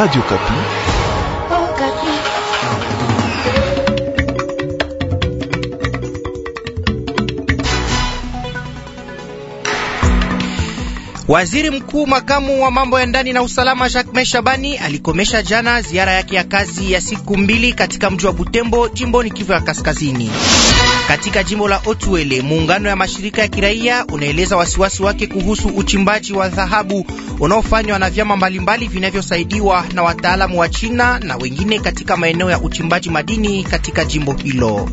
Radio Kapi. Oh, Kapi. Waziri Mkuu makamu wa mambo ya ndani na usalama Jacques Shabani alikomesha jana ziara yake ya kazi ya siku mbili katika mji wa Butembo jimboni Kivu ya Kaskazini. Katika jimbo la Otuele, muungano ya mashirika ya kiraia unaeleza wasiwasi wake kuhusu uchimbaji wa dhahabu unaofanywa na vyama mbalimbali vinavyosaidiwa na wataalamu wa China na wengine katika maeneo ya uchimbaji madini katika jimbo hilo.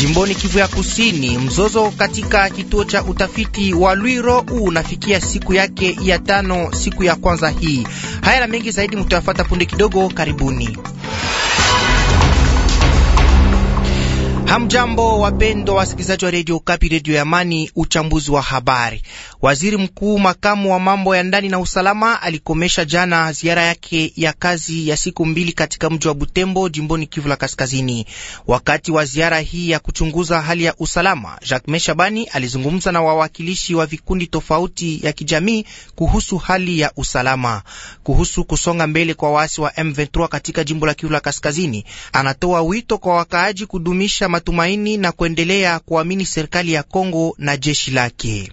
Jimboni Kivu ya Kusini, mzozo katika kituo cha utafiti wa Lwiro unafikia siku yake ya tano, siku ya kwanza hii. Haya na mengi zaidi mutayafuata punde kidogo. Karibuni. Hamjambo, wapendwa wasikilizaji wa redio Kapi, redio ya Amani. Uchambuzi wa habari. Waziri mkuu makamu wa mambo ya ndani na usalama alikomesha jana ziara yake ya kazi ya siku mbili katika mji wa Butembo, jimboni Kivu la Kaskazini. Wakati wa ziara hii ya kuchunguza hali ya usalama, Jacques Meshabani alizungumza na wawakilishi wa vikundi tofauti ya kijamii kuhusu hali ya usalama, kuhusu kusonga mbele kwa waasi wa M23 katika jimbo la Kivu la Kaskazini. Anatoa wito kwa wakaaji kudumisha matumaini na kuendelea kuamini serikali ya Kongo na jeshi lake.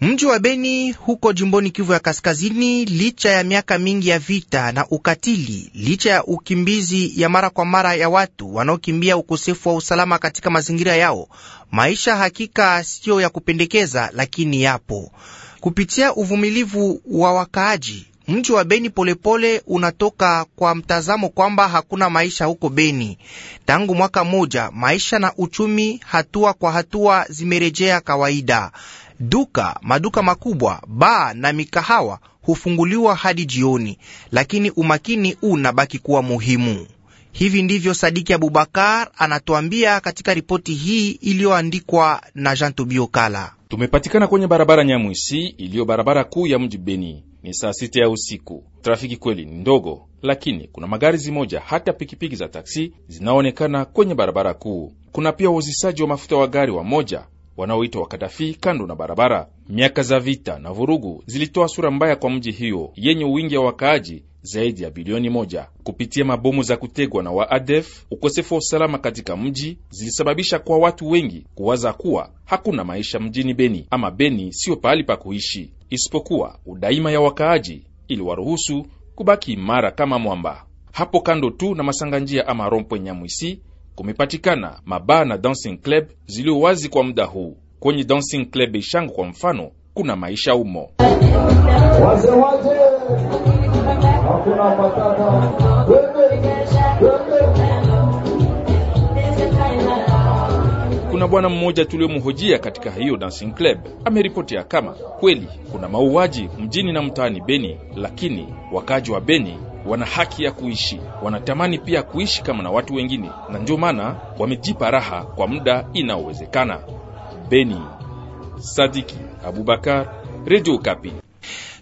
Mji wa Beni huko jimboni Kivu ya Kaskazini, licha ya miaka mingi ya vita na ukatili, licha ya ukimbizi ya mara kwa mara ya watu wanaokimbia ukosefu wa usalama katika mazingira yao, maisha hakika siyo ya kupendekeza, lakini yapo kupitia uvumilivu wa wakaaji mji wa Beni polepole pole unatoka kwa mtazamo kwamba hakuna maisha huko Beni. Tangu mwaka moja, maisha na uchumi hatua kwa hatua zimerejea kawaida. Duka, maduka makubwa, baa na mikahawa hufunguliwa hadi jioni, lakini umakini unabaki kuwa muhimu. Hivi ndivyo Sadiki Abubakar anatuambia katika ripoti hii iliyoandikwa na Jean Tobio Kala. Tumepatikana kwenye barabara Nyamwisi iliyo barabara kuu ya mji Beni. Ni saa sita ya usiku, trafiki kweli ni ndogo, lakini kuna magari zimoja hata pikipiki za taksi zinaonekana kwenye barabara kuu. Kuna pia wauzisaji wa mafuta wa gari wa moja wanaoitwa wakadafi kando na barabara. Miaka za vita na vurugu zilitoa sura mbaya kwa mji hiyo yenye uwingi wa wakaaji zaidi ya bilioni moja kupitia mabomu za kutegwa na waadef. Ukosefu wa usalama katika mji zilisababisha kwa watu wengi kuwaza kuwa hakuna maisha mjini Beni ama Beni siyo pahali pa kuishi, isipokuwa udaima ya wakaaji ili waruhusu kubaki imara kama mwamba. Hapo kando tu na masanga njia ama rompwe Nyamwisi kumepatikana mabaa na dancing club zilio wazi kwa muda huu. Kwenye dancing club Ishangu kwa mfano, kuna maisha umo waze waze patata kuna bwana mmoja tuliyomhojia katika hiyo dancing club ameripotia kama kweli kuna mauaji mjini na mtaani Beni, lakini wakaji wa Beni wana haki ya kuishi, wanatamani pia kuishi kama na watu wengine, na ndio maana wamejipa raha kwa muda inaowezekana. Beni, Sadiki Abubakar, Redio Kapi.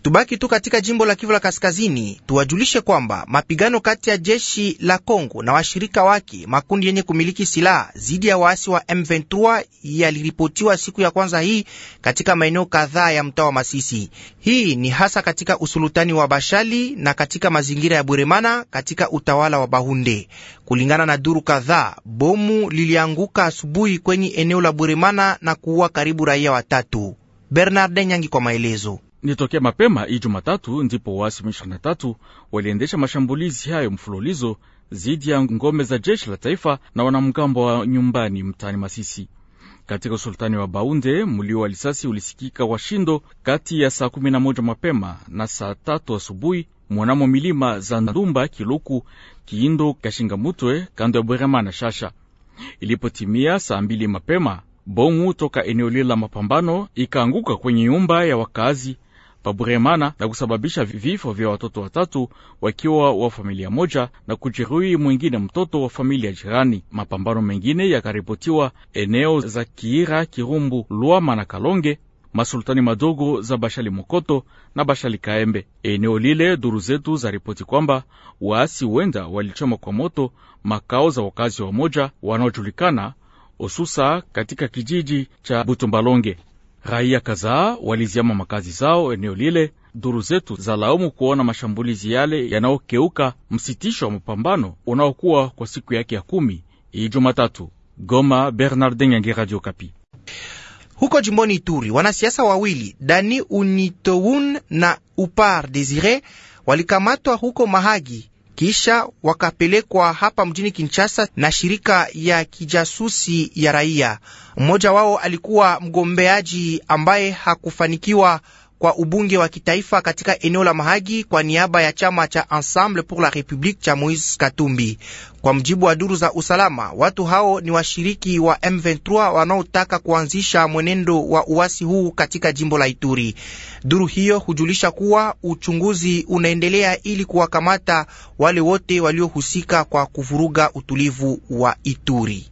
Tubaki tu katika jimbo la Kivu la Kaskazini, tuwajulishe kwamba mapigano kati ya jeshi la Kongo na washirika wake makundi yenye kumiliki silaha dhidi ya waasi wa M23 yaliripotiwa siku ya kwanza hii katika maeneo kadhaa ya mtaa wa Masisi. Hii ni hasa katika usulutani wa Bashali na katika mazingira ya Buremana katika utawala wa Bahunde. Kulingana na duru kadhaa, bomu lilianguka asubuhi kwenye eneo la Buremana na kuua karibu raia watatu. Bernarde Nyangi kwa maelezo. Nitokea mapema hii Jumatatu ndipo waasi M23 waliendesha mashambulizi hayo mfululizo dhidi ya ngome za jeshi la taifa na wanamgambo wa nyumbani mtaani Masisi. Katika usultani wa Baunde, mlio wa risasi ulisikika wa shindo kati ya saa 11 mapema na saa tatu asubuhi mwanamo milima za Ndumba, Kiluku, Kiindo, Mutwe, kando ya Burema na Shasha. Ilipotimia saa mbili mapema bomu toka eneo lile la mapambano ikaanguka kwenye nyumba ya wakazi paburemana na kusababisha vifo vya watoto watatu wakiwa wa familia moja na kujeruhi mwingine mtoto wa familia jirani. Mapambano mengine yakaripotiwa eneo za Kiira, Kirumbu, Lwama na Kalonge, masultani madogo za Bashali Mokoto na Bashali Kaembe. Eneo lile, duru zetu za ripoti kwamba waasi wenda walichoma kwa moto makao za wakazi wa moja wanaojulikana hususa katika kijiji cha Butumbalonge. Raia kadhaa waliziama makazi zao eneo lile. Duru zetu za laumu kuona mashambulizi yale yanayokeuka msitisho wa mapambano unaokuwa kwa siku yake ya kumi hii Jumatatu. Goma, Bernardin Yange, Radio Kapi. Huko jimboni Ituri, wanasiasa wawili Dani Unitoun na Upar Desire walikamatwa huko Mahagi kisha wakapelekwa hapa mjini Kinshasa na shirika ya kijasusi ya raia. Mmoja wao alikuwa mgombeaji ambaye hakufanikiwa kwa ubunge wa kitaifa katika eneo la Mahagi kwa niaba ya chama cha Ensemble pour la République cha Moise Katumbi. Kwa mjibu wa duru za usalama, watu hao ni washiriki wa M23 wanaotaka kuanzisha mwenendo wa uasi huu katika jimbo la Ituri. Duru hiyo hujulisha kuwa uchunguzi unaendelea ili kuwakamata wale wote waliohusika kwa kuvuruga utulivu wa Ituri.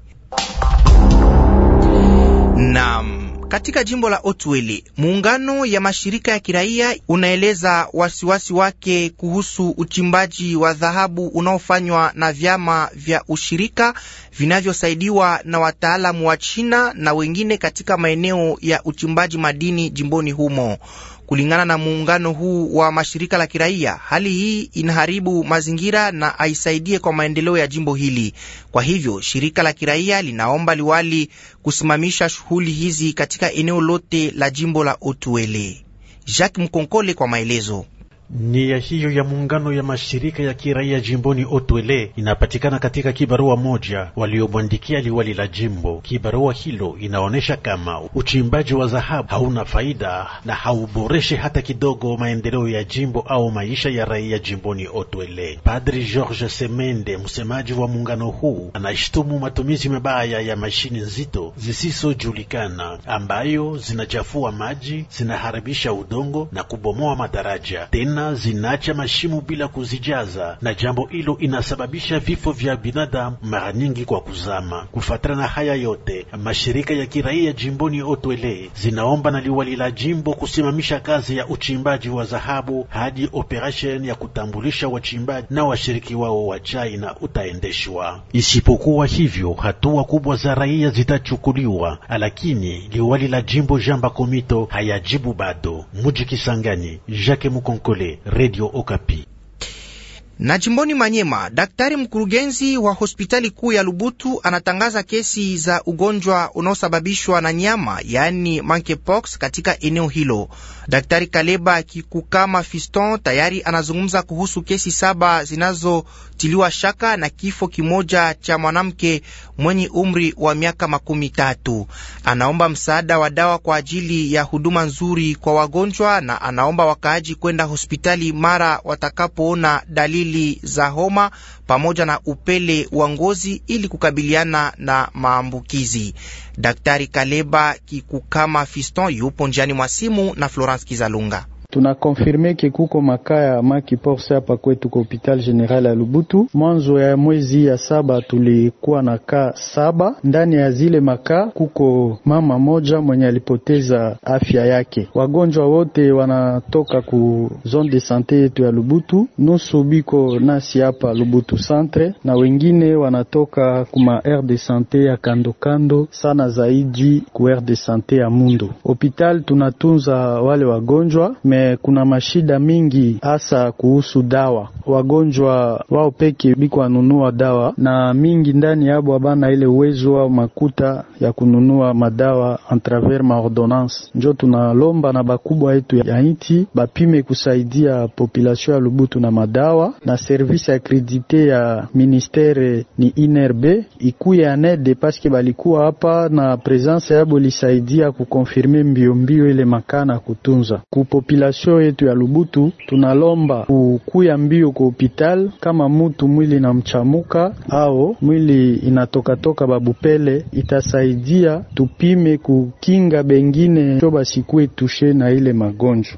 Naam. Katika jimbo la Otwele, muungano ya mashirika ya kiraia unaeleza wasiwasi wake kuhusu uchimbaji wa dhahabu unaofanywa na vyama vya ushirika vinavyosaidiwa na wataalamu wa China na wengine katika maeneo ya uchimbaji madini jimboni humo. Kulingana na muungano huu wa mashirika la kiraia, hali hii inaharibu mazingira na aisaidie kwa maendeleo ya jimbo hili. Kwa hivyo shirika la kiraia linaomba liwali kusimamisha shughuli hizi katika eneo lote la jimbo la Otuele. Jacques Mkonkole kwa maelezo ni ya hiyo ya muungano ya mashirika ya kiraia jimboni Otwele inapatikana katika kibarua moja waliomwandikia liwali la jimbo. Kibarua hilo inaonyesha kama uchimbaji wa dhahabu hauna faida na hauboreshe hata kidogo maendeleo ya jimbo au maisha ya raia jimboni Otwele. Padri George Semende, msemaji wa muungano huu, anashtumu matumizi mabaya ya mashini nzito zisizojulikana ambayo zinachafua maji, zinaharibisha udongo na kubomoa madaraja tena zinaacha mashimo bila kuzijaza, na jambo hilo inasababisha vifo vya binadamu mara nyingi kwa kuzama. Kufuatana na haya yote, mashirika ya kiraia jimboni Otwele zinaomba na liwali la jimbo kusimamisha kazi ya uchimbaji wa dhahabu hadi operation ya kutambulisha wachimbaji na washiriki wao wa China utaendeshwa. Isipokuwa hivyo, hatua kubwa za raia zitachukuliwa, lakini liwali la jimbo Jamba Komito hayajibu bado. Muji Kisangani, Jacques Mukonkole vile Radio Okapi. Na jimboni Manyema, daktari mkurugenzi wa hospitali kuu ya Lubutu anatangaza kesi za ugonjwa unaosababishwa na nyama, yaani monkeypox katika eneo hilo. Daktari Kaleba Kikukama Fiston tayari anazungumza kuhusu kesi saba zinazotiliwa shaka na kifo kimoja cha mwanamke mwenye umri wa miaka makumi tatu. Anaomba msaada wa dawa kwa ajili ya huduma nzuri kwa wagonjwa na anaomba wakaaji kwenda hospitali mara watakapoona dalili dalili za homa pamoja na upele wa ngozi ili kukabiliana na maambukizi. Daktari Kaleba Kikukama Fiston yupo njiani mwa simu na Florence Kizalunga tunakonfirme ke kuko maka ya maki porse hapa kwetu kwa hopital general ya Lubutu. Mwanzo ya mwezi ya saba tulikuwa na kaa saba. Ndani ya zile makaa kuko mama moja mwenye alipoteza afya yake. Wagonjwa wote wanatoka ku zone de sante yetu ya Lubutu, nusu biko nasi hapa Lubutu centre na wengine wanatoka kuma aire de sante ya kandokando, sana zaidi ku aire de sante ya Mundo. Hopital tunatunza wale wagonjwa me Eh, kuna mashida mingi hasa kuhusu dawa. Wagonjwa wao peke biko wanunua dawa, na mingi ndani yabo abana ile uwezo wao makuta ya kununua madawa travers ma ordonnance. Njo tunalomba na bakubwa yetu ya inti bapime kusaidia population ya Lubutu na madawa, na service akredite ya ministere ni INRB ikuye anede paske balikuwa hapa na presence yabo lisaidia kukonfirme mbiombio ile makana kutunza ku population populasion yetu ya Lubutu tunalomba kukuya mbio kwa hopital kama mutu mwili na mchamuka ao mwili inatokatoka babupele, itasaidia tupime kukinga bengine sho basikue tushe na ile magonjwa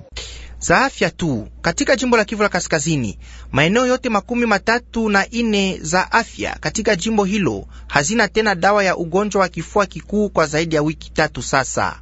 za afya tu. Katika jimbo la Kivu la Kaskazini, maeneo yote makumi matatu na ine za afya katika jimbo hilo hazina tena dawa ya ugonjwa wa kifua kikuu kwa zaidi ya wiki tatu sasa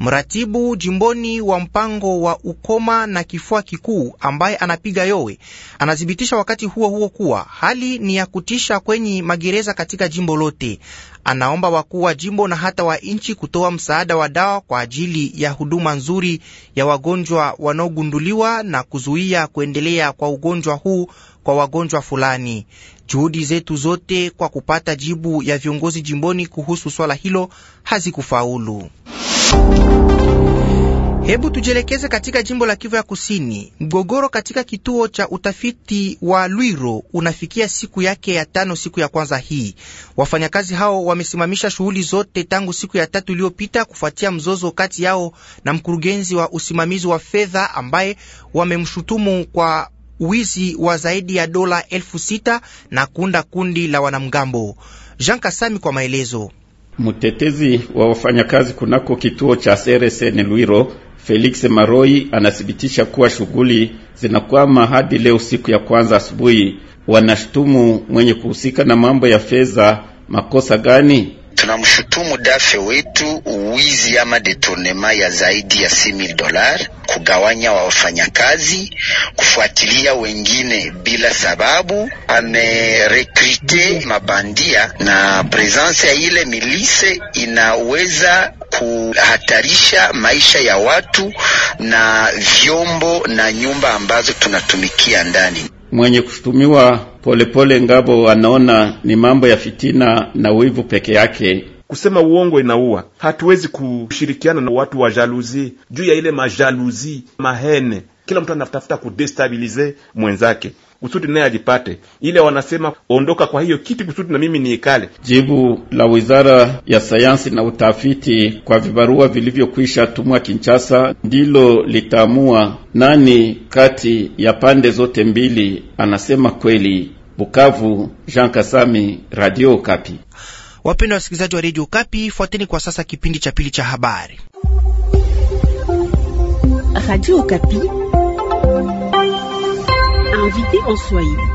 mratibu jimboni wa mpango wa ukoma na kifua kikuu ambaye anapiga yowe anathibitisha wakati huo huo kuwa hali ni ya kutisha kwenye magereza katika jimbo lote. Anaomba wakuu wa jimbo na hata wa nchi kutoa msaada wa dawa kwa ajili ya huduma nzuri ya wagonjwa wanaogunduliwa na kuzuia kuendelea kwa ugonjwa huu kwa wagonjwa fulani. Juhudi zetu zote kwa kupata jibu ya viongozi jimboni kuhusu swala hilo hazikufaulu. Hebu tujielekeze katika jimbo la Kivu ya Kusini. Mgogoro katika kituo cha utafiti wa Lwiro unafikia siku yake ya tano, siku ya kwanza hii. Wafanyakazi hao wamesimamisha shughuli zote tangu siku ya tatu iliyopita kufuatia mzozo kati yao na mkurugenzi wa usimamizi wa fedha ambaye wamemshutumu kwa wizi wa zaidi ya dola elfu sita na kuunda kundi la wanamgambo. Jean Kasami kwa maelezo. Mtetezi wa wafanyakazi kunako kituo cha SRSN Lwiro Felix Maroi anathibitisha kuwa shughuli zinakwama hadi leo siku ya kwanza asubuhi. Wanashtumu mwenye kuhusika na mambo ya fedha makosa gani? tunamshutumu dafe wetu uwizi ama detournema ya zaidi ya 6000 dolar, kugawanya wa wafanyakazi, kufuatilia wengine bila sababu. Amerekrite mabandia na presence ya ile milise inaweza kuhatarisha maisha ya watu na vyombo na nyumba ambazo tunatumikia ndani. Mwenye kushutumiwa Polepole Ngabo anaona ni mambo ya fitina na wivu peke yake. Kusema uongo inaua. Hatuwezi kushirikiana na watu wa jaluzi juu ya ile majaluzi mahene. Kila mtu anatafuta kudestabilize mwenzake kusudi naye ajipate ile wanasema ondoka kwa hiyo kiti kusudi na mimi niikale. Jibu la wizara ya sayansi na utafiti kwa vibarua vilivyokwisha tumwa Kinshasa ndilo litaamua nani kati ya pande zote mbili anasema kweli. Bukavu, Jean Kasami, Radio Kapi. Wapendwa wasikilizaji wa Radio Kapi, fuateni kwa sasa kipindi cha pili cha habari. Radio Kapi. Invité en Swahili.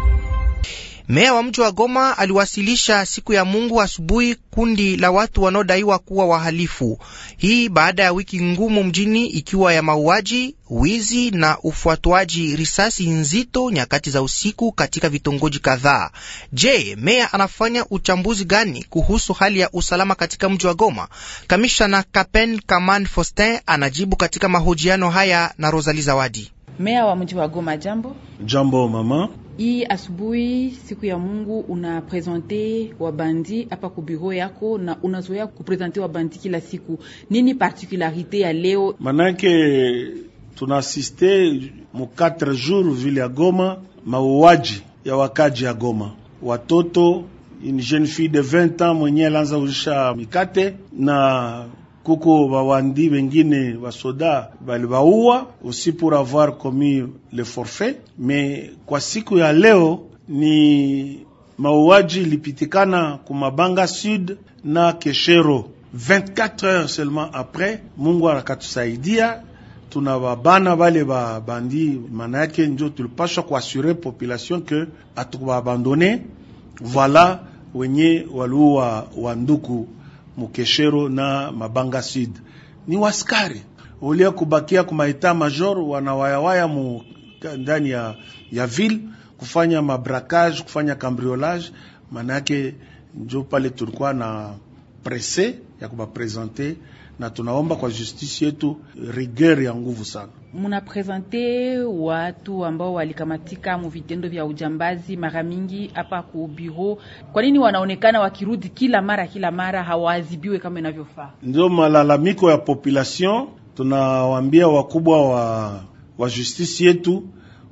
Meya wa mji wa Goma aliwasilisha siku ya Mungu asubuhi kundi la watu wanaodaiwa kuwa wahalifu. Hii baada ya wiki ngumu mjini ikiwa ya mauaji, wizi na ufuatuaji risasi nzito nyakati za usiku katika vitongoji kadhaa. Je, meya anafanya uchambuzi gani kuhusu hali ya usalama katika mji wa Goma? Kamishna Kapen Kaman fostin anajibu katika mahojiano haya na rosali Zawadi. Meya wa mji wa Goma, jambo. Jambo mama. Hii asubuhi siku ya Mungu unaprezente wabandi hapa ku biro yako, na unazoea kuprezente wabandi kila siku. Nini particularite ya leo? Manake tunaasiste mu 4 jours ville ya Goma, mauaji ya wakaji ya Goma, watoto une jeune fille de 20 ans mwenye lanza uisha mikate na kuko bawandi bengine basoda balibaua usi pour avoir commis le forfait. Me kwa siku ya leo ni mauaji lipitikana kumabanga sud na Keshero 24 heures seulement après. Mungu akatusaidia babana bale babandi bandi, maana yake njo tulipashwa kuasure population ke atukubabandone. Vala wenye waliua wa nduku Mukeshero na Mabanga Sud ni waskari ulia kubakia kumaita major wanawayawaya mu ndani ya, ya ville kufanya mabrakage kufanya cambriolage. Manake njo pale tulikuwa na presse ya kubapresente na tunaomba kwa justisi yetu rigeri ya nguvu sana. Munaprezente watu ambao walikamatika muvitendo vya ujambazi mara mingi hapa ku biro, kwa nini wanaonekana wakirudi kila mara kila mara, hawaadhibiwe kama inavyofaa? Ndio malalamiko ya population. Tunawaambia wakubwa wa, wa justisi yetu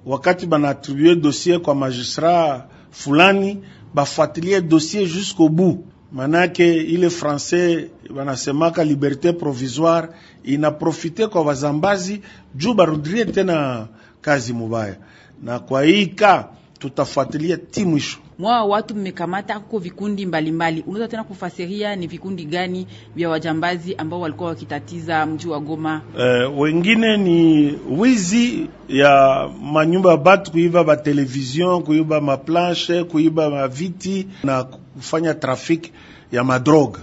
wakati banaatribue dossier kwa magistrat fulani bafuatilie dossier jusqu'au bout manake ile francais wanasemaka liberté provisoire inaprofite kwa wazambazi juu barudrie tena kazi mubaya, na kwa hii ka tutafuatilia ti mwisho mwa watu mmekamata kuko vikundi mbalimbali, unaweza tena kufasiria ni vikundi gani vya wajambazi ambao walikuwa wakitatiza mji wa Goma? Uh, wengine ni wizi ya manyumba ya batu, kuiba ba television, kuiba ma planche, kuiba ma viti na kufanya trafiki ya madroga.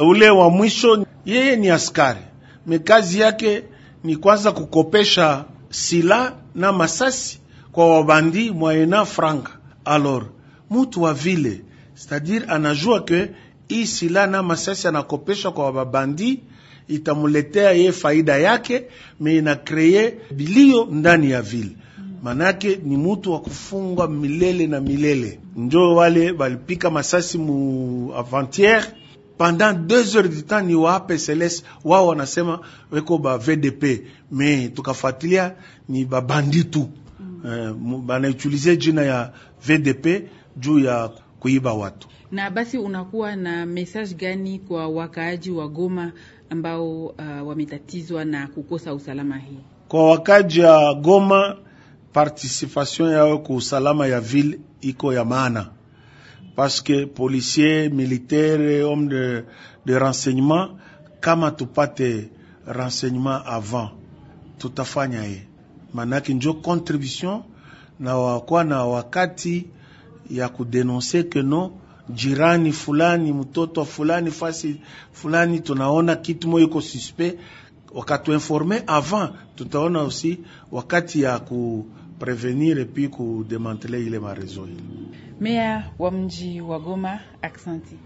Ule wa mwisho yeye ni askari mekazi yake ni kwanza kukopesha sila na masasi kwa wabandi mwaena franga. Alors mutu wa vile, c'est-à-dire anajua ke hii sila na masasi anakopesha kwa wababandi itamuletea ye faida yake, me inakreye bilio ndani ya vile manake ni mutu wa kufungwa milele na milele. Njo wale walipika masasi mu avantier pendant deux heures du temps, ni waape selese wao wanasema weko ba VDP, me tukafuatilia ni babandi tu mm. Eh, banautilize jina ya VDP juu ya kuiba watu. Na basi unakuwa na message gani kwa wakaaji wa Goma ambao uh, wametatizwa na kukosa usalama hii? Kwa wakaaji ya Goma, participation yao kwa usalama ya ville iko ya maana paske policier militaire homme de, de renseignement kama tupate renseignement avant tutafanya ye, maanake njo contribution na wakuwa na wakati ya kudenonse keno jirani fulani, mtoto fulani, fasi fulani, tunaona kitu moyo iko suspect, wakatuinforme avant, tutaona aussi wakati ya kuprevenir epi kudemantele ile marezo ile. Meya wa mji wa Goma, aksanti.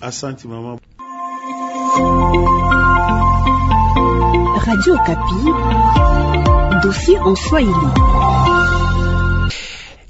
Asanti mama. Radio Kapi, dossier en Swahili.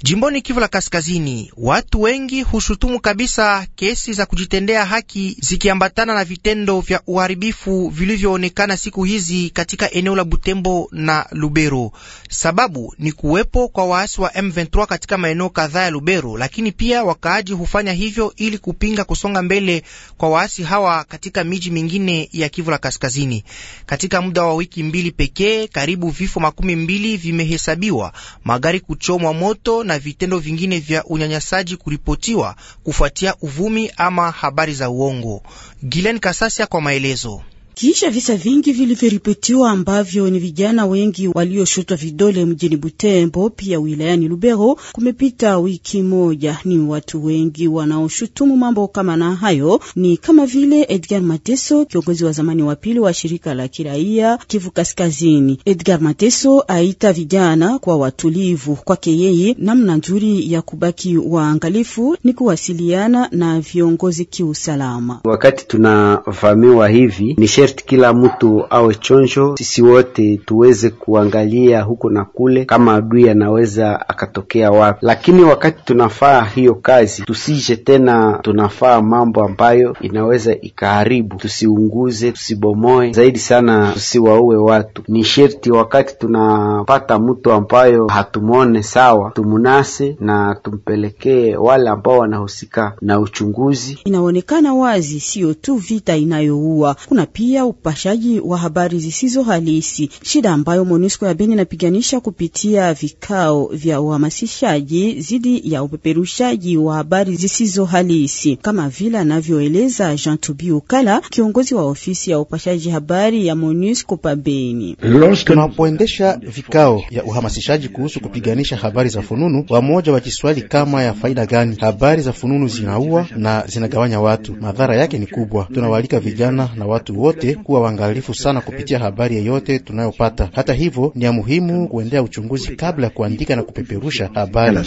Jimboni Kivu la Kaskazini, watu wengi hushutumu kabisa kesi za kujitendea haki zikiambatana na vitendo vya uharibifu vilivyoonekana siku hizi katika eneo la Butembo na Lubero. Sababu ni kuwepo kwa waasi wa M23 katika maeneo kadhaa ya Lubero, lakini pia wakaaji hufanya hivyo ili kupinga kusonga mbele kwa waasi hawa katika miji mingine ya Kivu la Kaskazini. Katika muda wa wiki mbili pekee, karibu vifo makumi mbili vimehesabiwa, magari kuchomwa moto na vitendo vingine vya unyanyasaji kuripotiwa kufuatia uvumi ama habari za uongo. Gilen Kasasia kwa maelezo. Kisha visa vingi vilivyoripotiwa ambavyo ni vijana wengi walioshutwa vidole mjini Butembo pia wilayani Lubero, kumepita wiki moja. Ni watu wengi wanaoshutumu mambo kama na hayo, ni kama vile Edgar Mateso, kiongozi wa zamani wa pili wa shirika la kiraia Kivu Kaskazini. Edgar Mateso aita vijana kwa watulivu. Kwake yeye, namna nzuri ya kubaki waangalifu ni kuwasiliana na viongozi kiusalama. Wakati tunavamiwa hivi ni sherti kila mtu awe chonjo, sisi wote tuweze kuangalia huko na kule, kama adui anaweza akatokea wapi. Lakini wakati tunafaa hiyo kazi, tusije tena tunafaa mambo ambayo inaweza ikaharibu, tusiunguze, tusibomoe, zaidi sana tusiwaue watu. Ni sherti wakati tunapata mtu ambayo hatumwone sawa, tumunase na tumpelekee wale ambao wanahusika na uchunguzi. Inaonekana wazi, siyo tu vita inayoua, kuna pia pia upashaji wa habari zisizo halisi, shida ambayo MONUSCO ya Beni inapiganisha kupitia vikao vya uhamasishaji dhidi ya upeperushaji wa habari zisizo halisi, kama vile anavyoeleza Jean Tobi Ukala, kiongozi wa ofisi ya upashaji habari ya MONUSCO pa Beni. Tunapoendesha vikao ya uhamasishaji kuhusu kupiganisha habari za fununu, wamoja wakiswali kama ya faida gani habari za fununu zinaua na zinagawanya watu, madhara yake ni kubwa. Tunawaalika vijana na watu wote wote kuwa waangalifu sana kupitia habari yeyote tunayopata. Hata hivyo, ni ya muhimu kuendea uchunguzi kabla ya kuandika na kupeperusha habari.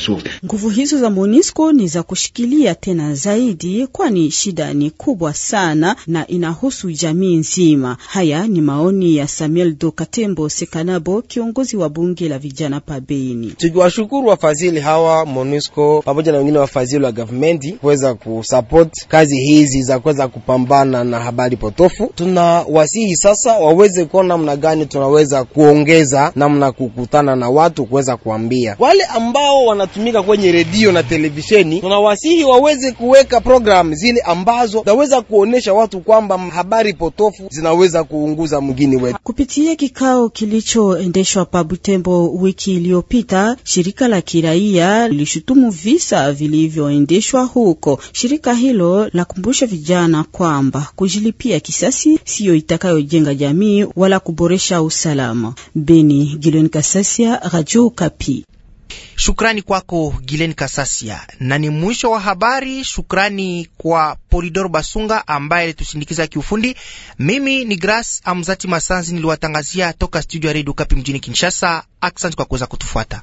Nguvu hizo za MONUSCO ni za kushikilia tena zaidi, kwani shida ni kubwa sana na inahusu jamii nzima. Haya ni maoni ya Samuel Do Katembo Sekanabo, kiongozi wa bunge la vijana Pabeni. Tukiwashukuru wafadhili hawa MONUSCO pamoja na wengine wafadhili wa gavumenti kuweza kusapoti kazi hizi za kuweza kupambana na habari potofu tuna tunawasihi wasihi sasa waweze kuona namna gani tunaweza kuongeza namna kukutana na watu kuweza kuambia wale ambao wanatumika kwenye redio na televisheni. Tunawasihi waweze kuweka program zile ambazo zaweza kuonesha watu kwamba habari potofu zinaweza kuunguza mgini wetu. Kupitia kikao kilichoendeshwa pa Butembo wiki iliyopita, shirika la kiraia lilishutumu visa vilivyoendeshwa huko. Shirika hilo lakumbusha vijana kwamba kujilipia kisasi siyo itakayojenga jamii wala kuboresha usalama. Beni, Gilen Kasasia, Radio Kapi. Shukrani kwako Gilen Kasasia, na ni mwisho wa habari. Shukrani kwa Polidor Basunga ambaye alitusindikiza kiufundi. Mimi ni Grace Amzati Masanzi, niliwatangazia toka studio ya Redio Kapi mjini Kinshasa. Asante kwa kuweza kutufuata.